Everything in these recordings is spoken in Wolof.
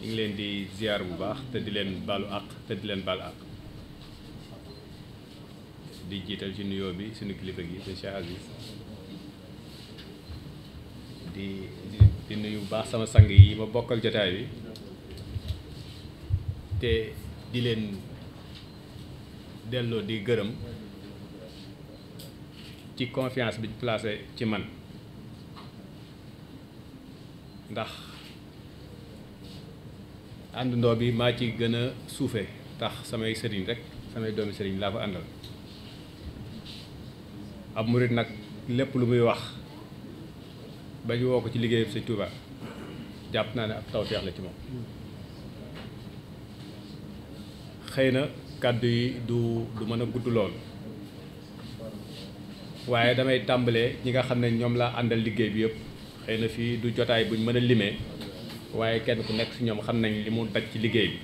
ñu ngi leen di ziar bu baax te di leen balu àq te di leen balu àq di jiital ci nuyoo bi suñu kilifa gi sëñ Cheikh Aziz di di nuyu bu baax sama sang yi ma bokkal jotaay bi te di leen delloo di gërëm ci confiance bi placé ci man ndax àndandoo bi maa ci gën a suufe tax samay sëriñ rek samay doomi sëriñ laa fa àndal ab murit nag lépp lu muy wax ba woo ko ci liggéeyam Sëñ Tuuba jàpp naa ne ab tawfeex la ci moom xëy na kàddu yi du du mën a gudd lool waaye damay tàmbalee ñi nga xam ne ñoom laa àndal liggéey bi yëpp xëy na fii du jotaay buñ mën a limee waaye kenn ku nekk ci ñoom xam nañ li mu daj ci liggéey bi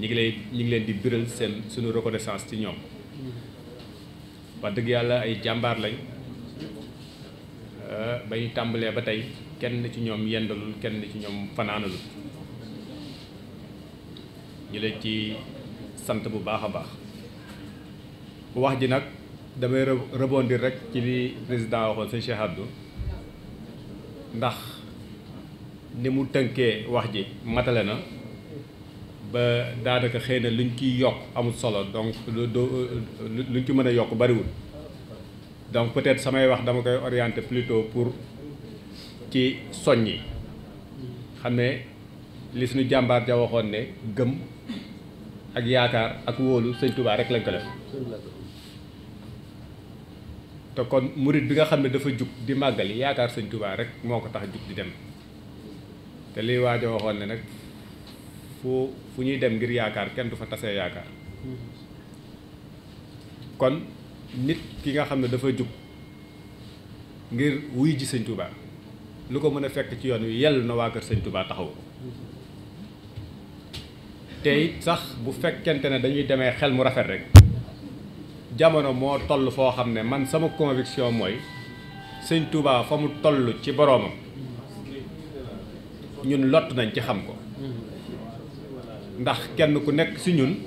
ñu ngi lay ñu ngi leen di biral seen sunu reconnaissance ci ñoom wax dëgg yàlla ay jàmbaar lañ euh, ba ñu tàmbalee ba tey kenn ci ñoom yendalul kenn ci ñoom fanaanalul ñu leen ci sant bu baax a baax wax ji nag damay rebondir rek ci li président waxoon sëñ Cheikh Abdou ndax ni mu tënkee wax ji matale na ba daanaka xëy na luñ ciy yokk amul solo donc luñ ci mën a yokk bariwul donc peut-être samay wax dama koy orienter plutôt pour ci yi xam ne li suñu jàmbaar ja waxoon ne gëm ak yaakaar ak wóolu sëñ Tuubaa rek lañ ko def te kon murit bi nga xam ne dafa jug di màggali yaakaar sëñ Tuubaa rek moo ko tax jug di dem te liy waajo waxoon ne nag fu fu ñuy dem ngir yaakaar kenn du fa tase yaakaar kon nit ki nga xam ne dafa jub ngir wuy ji sëñ Touba lu ko mën a fekk ci yoon wi yell na waa kër sëñ Touba taxaw ko te sax bu fekkente ne dañuy demee xel mu rafet rek jamono moo toll foo xam ne man sama conviction mooy sëñ Touba fa mu toll ci boroomam ñun lott nañ ci xam ko ndax kenn ku nekk si ñun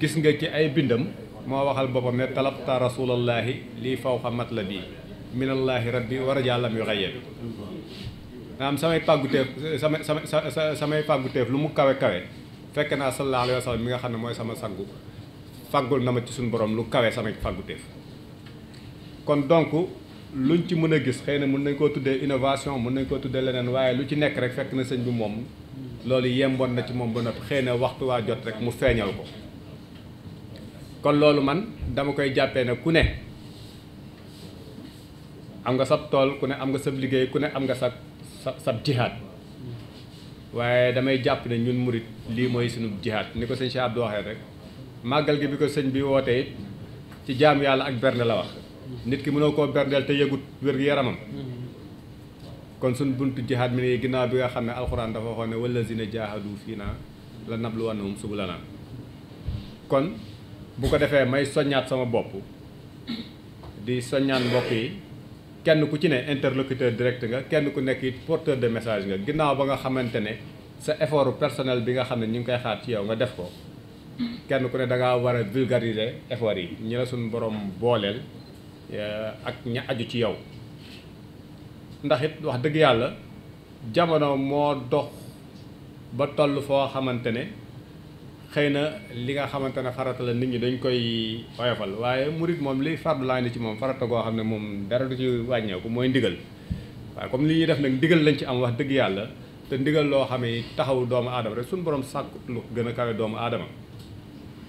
gis nga ci ay bindam moo waxal boppam ne taa rasulallaahi lii fawqa matlabi minallaahi rabbi war a jàllam yu xayee bi maanaam samay pàgguteef sama sama samay pàgguteef lu mu kawe kawe fekk naa sallallahu alayhi wa sallam mi nga xam ne mooy sama sangu faggul na ma ci suñu borom lu kawe samay pàgguteef kon donc luñ ci mën a gis xëy na mun nañ koo tuddee innovation mun nañ koo tuddee leneen waaye lu ci nekk rek fekk na sëñ bi moom loolu yemboon na ci moom ba noppi xëy na waxtu waa jot rek mu feeñal ko kon loolu man dama koy jàppee ne ku ne am nga sab tool ku ne am nga sab liggéey ku ne am nga sa sa sab jihaad waaye damay jàpp ne ñun murit lii mooy suñu jihaad ni ko sëñ Cheikh Abdou waxee rek màggal gi bi ko sëñ bi wootee ci jaam yàlla ak berne la wax nit ki mënoo koo berndeel te yëgut wér-gu-yaramam kon suñ buntu jihaad mi ne ginnaaw bi nga xam ne alxuraan dafa waxoon ne wallazina jaahadu fii naa la nabluwannahum subulanaa kon bu ko defee may soññaat sama bopp di soññaan mbokk yi kenn ku ci ne interlocuteur direct nga kenn ku nekk it porteur de message nga ginnaaw ba nga xamante ne sa effort personnel bi nga xam ne ñu ngi koy xaar ci yow nga def ko kenn ku ne da ngaa war a vulgariser effort yi ñu la suñu booleel ak ña aju ci yow ndax it wax dëgg yàlla jamono moo dox ba toll foo xamante ne xëy na li nga xamante ne farata la nit ñi dañ koy oyofal waaye murit moom liy fardu laa ni ci moom farata goo xam ne moom dara du ci wàññeeku mooy ndigal waaye comme li ñuy def nag ndigal lañ ci am wax dëgg yàlla te ndigal loo xam ne taxaw doomu aadama rek suñu borom sàkk lu gën a kawe doomu aadama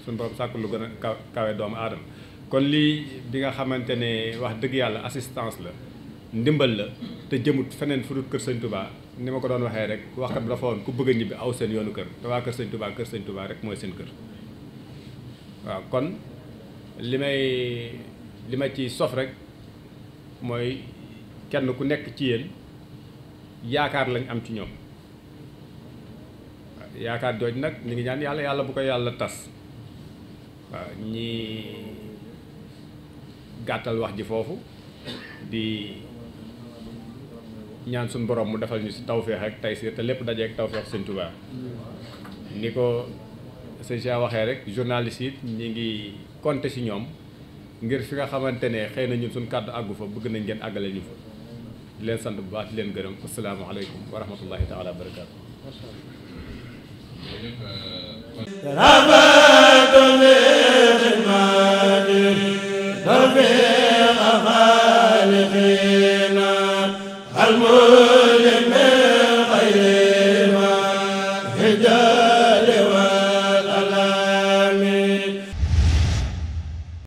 suñu borom sàkk lu gën a kawe doomu aadama kon lii bi nga xamante ne wax dëgg yàlla assistance la ndimbal la te jëmut feneen fu dul kër sëñ Touba ni ma ko doon waxee rek waxkat bi dafa woon ku bëgg a ñibbi aw seen yoonu kër te waa kër sëñ Touba kër sëñ Touba rek mooy seen kër waaw kon li may li ma ci sof rek mooy kenn ku nekk ci yéen yaakaar lañ am ci ñoom yaakaar jooj nag ñu ngi ñaan yàlla yàlla bu ko yàlla tas waaw ñi gàttal wax ji foofu di ñaan suñu borom mu defal ñu si tawféex ak taysiir te lépp dajeeg tawféex sëñ Tuubaa ni ko sëñ Cheikh waxee rek journaliste yi ñu ngi compter si ñoom ngir fi nga xamante ne xëy nañu suñ kàdd kàddu àggu fa bëgg nañ ngeen àggale ñu fa di leen sant bu baax di leen gërëm asalaamaaleykum wa rahmatullahi taala wa barakaatu. al